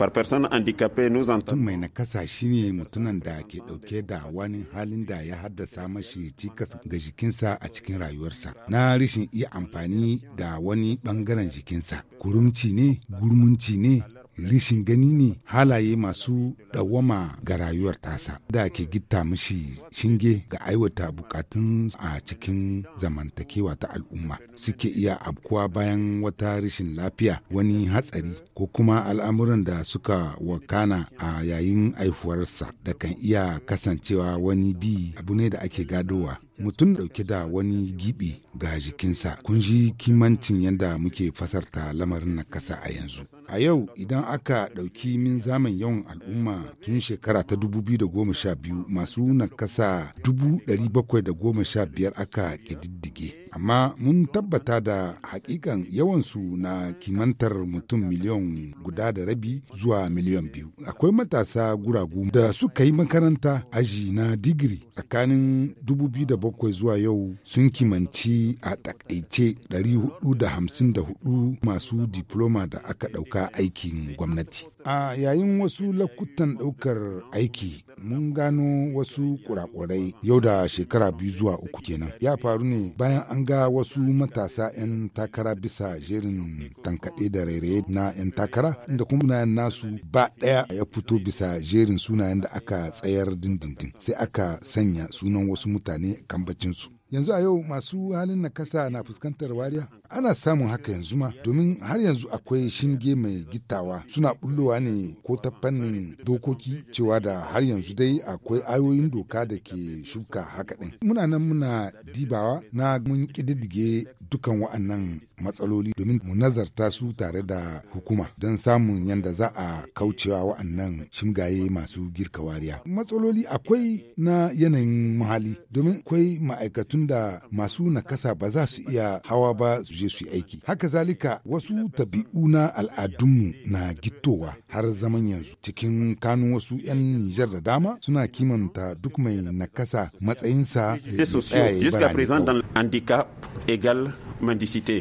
Par personne handicapée nous entend. tun mai nakasa shine mutumin da ke dauke da wani halin da ya haddasa mashi cikas ga jikinsa a cikin rayuwarsa. Na rishin iya amfani da wani bangaren jikinsa. Kurumci ne, gurmunci ne, rishin gani ne halaye masu dawama ga rayuwar tasa da ke gita mishi shinge ga aiwata bukatun a cikin zamantakewa ta al'umma suke iya abkuwa bayan wata rishin lafiya wani hatsari ko kuma al'amuran da suka wakana a yayin aifuwarsa da kan iya kasancewa wani bi abu ne da ake gadowa mutum ɗauke da wani gibi ga jikinsa kun ji kimancin yadda muke fasarta lamarin na kasa a yanzu a yau idan aka ɗauki min zamen yawan al'umma tun shekara ta 2012 masu nakasa 715 aka ƙididdige amma mun tabbata da hakikan yawansu na kimantar mutum miliyan guda da rabi zuwa miliyan biyu. Akwai matasa guragu da suka yi makaranta aji na digiri tsakanin 2007 zuwa yau sun kimanci a takaice 454 masu diploma da aka ɗauka aikin gwamnati. A yayin wasu lakutan ɗaukar aiki mun gano wasu kurakurai yau da shekara biyu zuwa uku kenan. Ya faru ne bayan an ga wasu matasa 'yan takara bisa jerin tankaɗe da rairaye na 'yan takara inda kuma nasu ba ɗaya ya fito bisa jerin sunayen da aka tsayar dindindin sai aka sanya sunan wasu mutane kambacinsu yanzu a yau masu halin na kasa na fuskantar wariya ana samun haka yanzu ma domin har yanzu akwai shinge mai gittawa suna bullowa ne ko ta fannin dokoki cewa da har yanzu dai akwai ayoyin doka da ke shuka haka din muna nan muna dibawa na mun kididdige dukan wa'annan matsaloli domin mu nazarta su tare da hukuma don samun yadda za a kaucewa wa'annan shimgaye masu girka wariya. Matsaloli akwai na yanayin muhali domin akwai ma'aikatun da masu nakasa ba za su iya hawa ba su je su aiki. Haka zalika wasu tabi'u na al'adunmu na gittowa har zaman yanzu cikin kanun wasu 'yan Nijar da dama suna kimanta duk mai nakasa matsayinsa. Eh, Jusqu'à présent dans handicap mendicité.